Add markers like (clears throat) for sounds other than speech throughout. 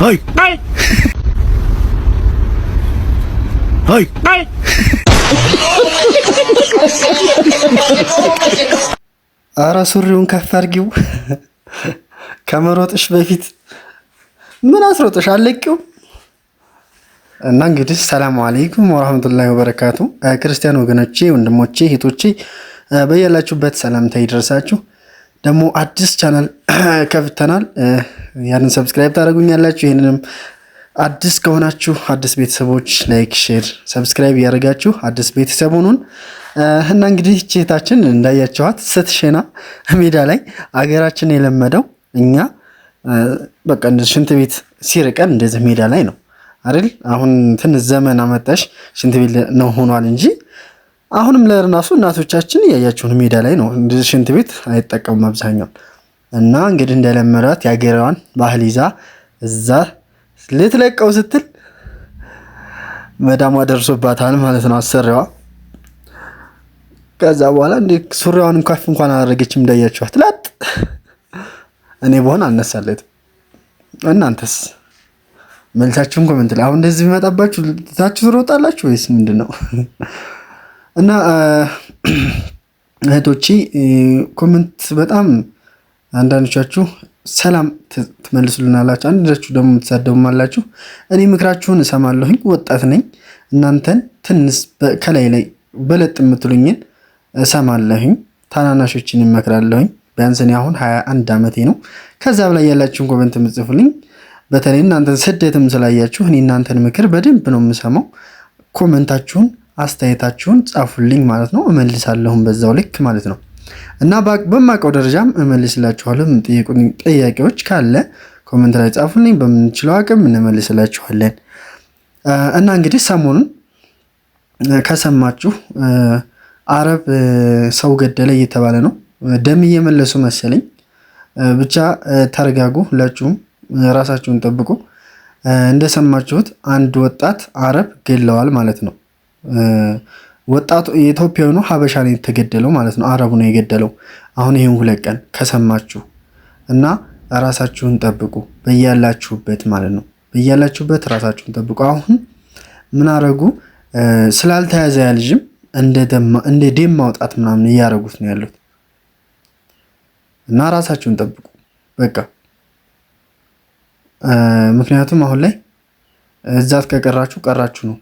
Hoy! Hoy! Hoy! Hoy! አረ ሱሪውን ከፍ አድርጊው። ከመሮጥሽ በፊት ምን አስሮጥሽ አለቂው። እና እንግዲህ ሰላም አለይኩም ወራህመቱላሂ ወበረካቱ። ክርስቲያን ወገኖቼ፣ ወንድሞቼ፣ እህቶቼ በያላችሁበት ሰላምታ ይደርሳችሁ። ደግሞ አዲስ ቻናል (clears throat) ከፍተናል። ያንን ሰብስክራይብ ታደረጉኛላችሁ። ይህንንም አዲስ ከሆናችሁ አዲስ ቤተሰቦች ላይክ፣ ሼር፣ ሰብስክራይብ እያደረጋችሁ አዲስ ቤተሰብ ሁኑን እና እንግዲህ ቼታችን እንዳያቸዋት ስትሸና ሜዳ ላይ አገራችን የለመደው እኛ በቃ ሽንት ቤት ሲርቀን እንደዚህ ሜዳ ላይ ነው አይደል? አሁን ትንሽ ዘመን አመጣሽ ሽንት ቤት ነው ሆኗል እንጂ አሁንም ለራሱ እናቶቻችን እያያችሁን ሜዳ ላይ ነው ሽንት ቤት አይጠቀሙም አብዛኛውን እና እንግዲህ እንደለመዳት የአገሯን ባህል ይዛ እዛ ልትለቀው ስትል መዳሟ ደርሶባታል ማለት ነው፣ አሰሪዋ። ከዛ በኋላ እንደ ሱሪዋን እንኳፍ እንኳን አላደረገችም። እንዳያችኋት ላጥ እኔ በሆን አልነሳለትም። እናንተስ መልሳችሁን ኮመንት ላይ አሁን እንደዚህ ቢመጣባችሁ ታችሁ ትሮጣላችሁ ወይስ ምንድን ነው? እና እህቶቼ ኮመንት በጣም አንዳንዶቻችሁ ሰላም ትመልሱልናላችሁ፣ አንዳንዶቻችሁ ደግሞ የምትሳደቡም አላችሁ። እኔ ምክራችሁን እሰማለሁኝ፣ ወጣት ነኝ። እናንተን ትንስ ከላይ ላይ በለጥ የምትሉኝን እሰማለሁኝ፣ ታናናሾችን ይመክራለሁኝ። ቢያንስ እኔ አሁን ሀያ አንድ ዓመቴ ነው። ከዛ በላይ ያላችሁን ኮመንት የምጽፉልኝ በተለይ እናንተን ስደትም ስላያችሁ እኔ እናንተን ምክር በደንብ ነው የምሰማው። ኮመንታችሁን፣ አስተያየታችሁን ጻፉልኝ ማለት ነው፣ እመልሳለሁም በዛው ልክ ማለት ነው። እና በማውቀው ደረጃም እመልስላችኋለሁ። የምትጠይቁኝ ጥያቄዎች ካለ ኮመንት ላይ ጻፉልኝ፣ በምንችለው አቅም እንመልስላችኋለን። እና እንግዲህ ሰሞኑን ከሰማችሁ አረብ ሰው ገደለ እየተባለ ነው። ደም እየመለሱ መሰለኝ። ብቻ ተረጋጉ፣ ሁላችሁም ራሳችሁን ጠብቁ። እንደሰማችሁት አንድ ወጣት አረብ ገለዋል ማለት ነው። ወጣቱ የኢትዮጵያውያኑ ሀበሻ ነው የተገደለው ማለት ነው። አረቡ ነው የገደለው። አሁን ይህን ሁለት ቀን ከሰማችሁ እና ራሳችሁን ጠብቁ በያላችሁበት ማለት ነው። በያላችሁበት ራሳችሁን ጠብቁ። አሁን ምን አረጉ? ስላልተያዘ ያ ልጅም እንደ ደም ማውጣት ምናምን እያደረጉት ነው ያሉት እና ራሳችሁን ጠብቁ በቃ ምክንያቱም አሁን ላይ እዛት ከቀራችሁ ቀራችሁ ነው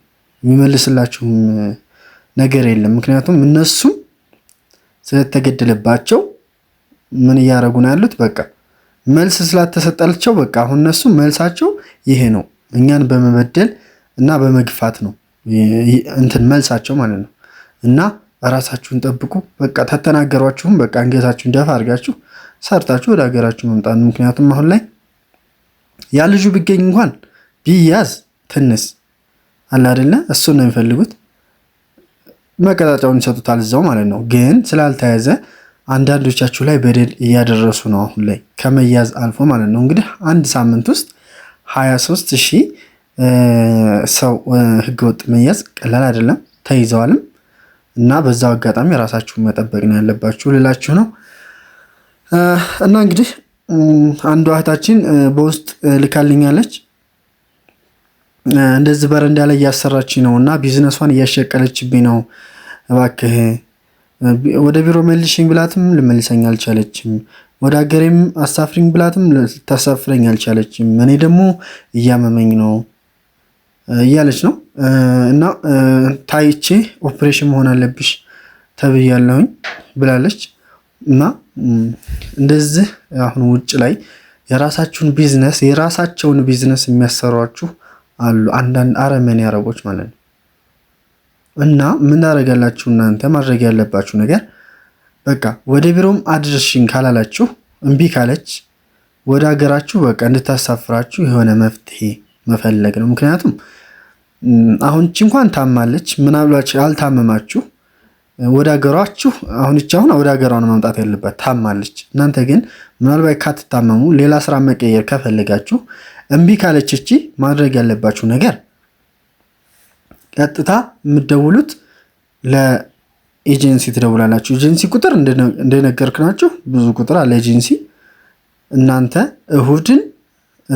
የሚመልስላችሁም ነገር የለም። ምክንያቱም እነሱም ስለተገደለባቸው ምን እያደረጉ ነው ያሉት? በቃ መልስ ስላልተሰጠላቸው በቃ አሁን እነሱ መልሳቸው ይሄ ነው። እኛን በመበደል እና በመግፋት ነው እንትን መልሳቸው ማለት ነው። እና ራሳችሁን ጠብቁ። በቃ ተተናገሯችሁም በቃ አንገታችሁን ደፋ አድርጋችሁ ሰርታችሁ ወደ ሀገራችሁ መምጣት ነው። ምክንያቱም አሁን ላይ ያ ልጁ ቢገኝ እንኳን ቢያዝ ትንስ አለ አይደለ? እሱን ነው የሚፈልጉት። መቀጣጫውን ይሰጡታል እዛው ማለት ነው። ግን ስላልተያዘ አንዳንዶቻችሁ ላይ በደል እያደረሱ ነው አሁን ላይ ከመያዝ አልፎ ማለት ነው። እንግዲህ አንድ ሳምንት ውስጥ 23 ሺህ ሰው ህገወጥ መያዝ ቀላል አይደለም፣ ተይዘዋልም እና በዛው አጋጣሚ ራሳችሁን መጠበቅ ነው ያለባችሁ ልላችሁ ነው። እና እንግዲህ አንዷ እህታችን በውስጥ ልካልኛለች። እንደዚህ በረንዳ ላይ እያሰራች ነው እና ቢዝነሷን እያሸቀለችብኝ ነው፣ እባክህ ወደ ቢሮ መልሽኝ ብላትም ልመልሰኝ አልቻለችም። ወደ ሀገሬም አሳፍሪኝ ብላትም ልታሳፍረኝ አልቻለችም። እኔ ደግሞ እያመመኝ ነው እያለች ነው እና ታይቼ ኦፕሬሽን መሆን አለብሽ ተብያለሁኝ ብላለች። እና እንደዚህ አሁን ውጭ ላይ የራሳችሁን ቢዝነስ የራሳቸውን ቢዝነስ የሚያሰሯችሁ አሉ አንዳንድ አረመኔ አረቦች ማለት ነው። እና ምን አደረጋላችሁ? እናንተ ማድረግ ያለባችሁ ነገር በቃ ወደ ቢሮም አድርሽኝ ካላላችሁ እምቢ ካለች ወደ ሀገራችሁ በቃ እንድታሳፍራችሁ የሆነ መፍትሄ መፈለግ ነው። ምክንያቱም አሁን እቺ እንኳን ታማለች ምናብላችሁ አልታመማችሁ ወደ ሀገሯችሁ አሁን እቺ አሁን ወደ ሀገሯ ነው መምጣት ያለባት ታማለች። እናንተ ግን ምናልባት ካትታመሙ ሌላ ስራ መቀየር ከፈለጋችሁ እምቢ ካለች እቺ ማድረግ ያለባችሁ ነገር ቀጥታ የምደውሉት ለኤጀንሲ ትደውላላችሁ። ኤጀንሲ ቁጥር እንደነገርክ ናችሁ ብዙ ቁጥር አለ ኤጀንሲ። እናንተ እሁድን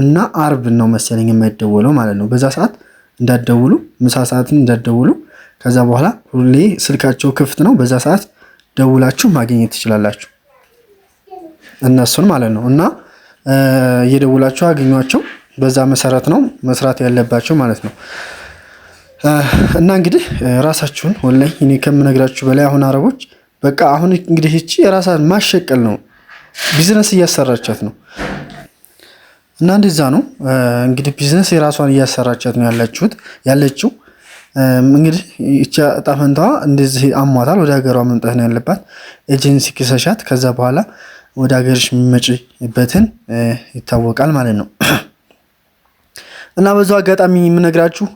እና አርብን ነው መሰለኝ የማይደወለው ማለት ነው። በዛ ሰዓት እንዳደውሉ ምሳ ሰዓትን እንዳደውሉ ከዛ በኋላ ሁሌ ስልካቸው ክፍት ነው። በዛ ሰዓት ደውላችሁ ማግኘት ትችላላችሁ እነሱን ማለት ነው እና እየደውላችሁ አገኟቸው። በዛ መሰረት ነው መስራት ያለባቸው ማለት ነው። እና እንግዲህ ራሳችሁን ወላይ እኔ ከምነግራችሁ በላይ አሁን አረቦች በቃ አሁን እንግዲህ እቺ የራሳን ማሸቀል ነው፣ ቢዝነስ እያሰራቻት ነው። እና እንደዛ ነው እንግዲህ ቢዝነስ የራሷን እያሰራቻት ነው ያለችሁት ያለችው እንግዲህ እቺ ጣፈንታዋ እንደዚህ አሟታል። ወደ ሀገሯ መምጣት ነው ያለባት። ኤጀንሲ ክሰሻት። ከዛ በኋላ ወደ ሀገርሽ የሚመጭበትን ይታወቃል ማለት ነው። እና በዙ አጋጣሚ የምነግራችሁ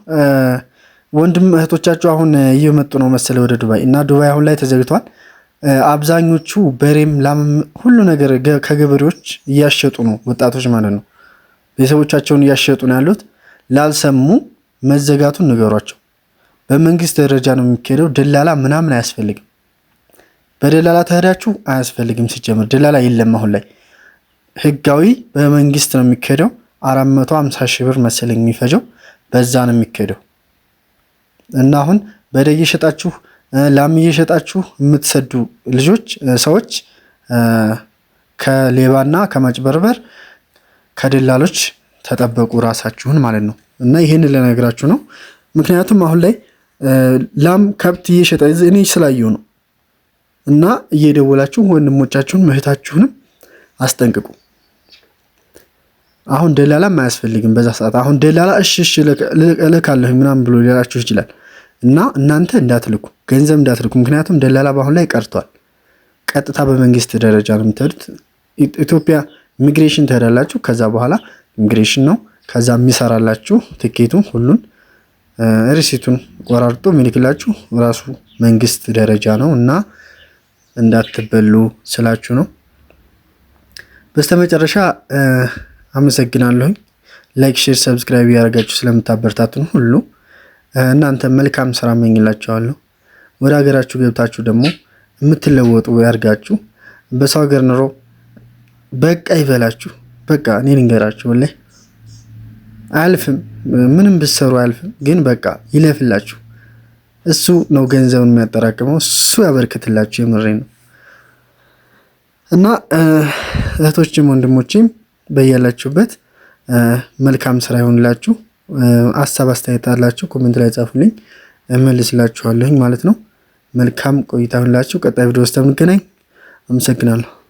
ወንድም እህቶቻችሁ አሁን እየመጡ ነው መሰለ ወደ ዱባይ እና ዱባይ አሁን ላይ ተዘግቷል። አብዛኞቹ በሬም ላም ሁሉ ነገር ከገበሬዎች እያሸጡ ነው ወጣቶች ማለት ነው። ቤተሰቦቻቸውን እያሸጡ ነው ያሉት። ላልሰሙ መዘጋቱን ንገሯቸው። በመንግስት ደረጃ ነው የሚካሄደው። ደላላ ምናምን አያስፈልግም። በደላላ ተሄዳችሁ አያስፈልግም። ሲጀምር ደላላ የለም አሁን ላይ ህጋዊ በመንግስት ነው የሚካሄደው። አራት መቶ ሀምሳ ሺህ ብር መሰለኝ የሚፈጀው በዛ ነው የሚካሄደው እና አሁን በደ እየሸጣችሁ ላም እየሸጣችሁ የምትሰዱ ልጆች ሰዎች ከሌባና ከማጭበርበር ከደላሎች ተጠበቁ ራሳችሁን ማለት ነው። እና ይህን ልነግራችሁ ነው። ምክንያቱም አሁን ላይ ላም ከብት እየሸጠ እኔ ስላየው ነው እና እየደወላችሁ ወንድሞቻችሁን እህታችሁንም አስጠንቅቁ። አሁን ደላላም አያስፈልግም። በዛ ሰዓት አሁን ደላላ እሺ እሺ እልካለሁ ምናምን ብሎ ሊላችሁ ይችላል። እና እናንተ እንዳትልኩ ገንዘብ እንዳትልኩ። ምክንያቱም ደላላ በአሁን ላይ ቀርቷል። ቀጥታ በመንግስት ደረጃ ነው የምትሄዱት። ኢትዮጵያ ኢሚግሬሽን ትሄዳላችሁ። ከዛ በኋላ ኢሚግሬሽን ነው። ከዛ የሚሰራላችሁ ትኬቱን፣ ሁሉን ሪሲቱን ቆራርጦ ሚልክላችሁ ራሱ መንግስት ደረጃ ነው እና እንዳትበሉ ስላችሁ ነው። በስተመጨረሻ አመሰግናለሁኝ። ላይክ፣ ሼር፣ ሰብስክራይብ እያደረጋችሁ ስለምታበረታቱን ሁሉ እናንተ መልካም ስራ መኝላችኋለሁ። ወደ ሀገራችሁ ገብታችሁ ደግሞ የምትለወጡ ያርጋችሁ በሰው ሀገር ኑሮ በቃ ይበላችሁ። በቃ እኔ ንገራችሁ ላይ አያልፍም፣ ምንም ብሰሩ አያልፍም። ግን በቃ ይለፍላችሁ። እሱ ነው ገንዘብን የሚያጠራቅመው፣ እሱ ያበርክትላችሁ። የምሬ ነው እና እህቶችም ወንድሞችም በያላችሁበት መልካም ስራ ይሆንላችሁ። አሳብ አስተያየት አላችሁ ኮሜንት ላይ ጻፉልኝ፣ እመልስላችኋለሁኝ ማለት ነው። መልካም ቆይታ ይሆንላችሁ። ቀጣይ ቪዲዮ ውስጥ የምንገናኝ። አመሰግናለሁ።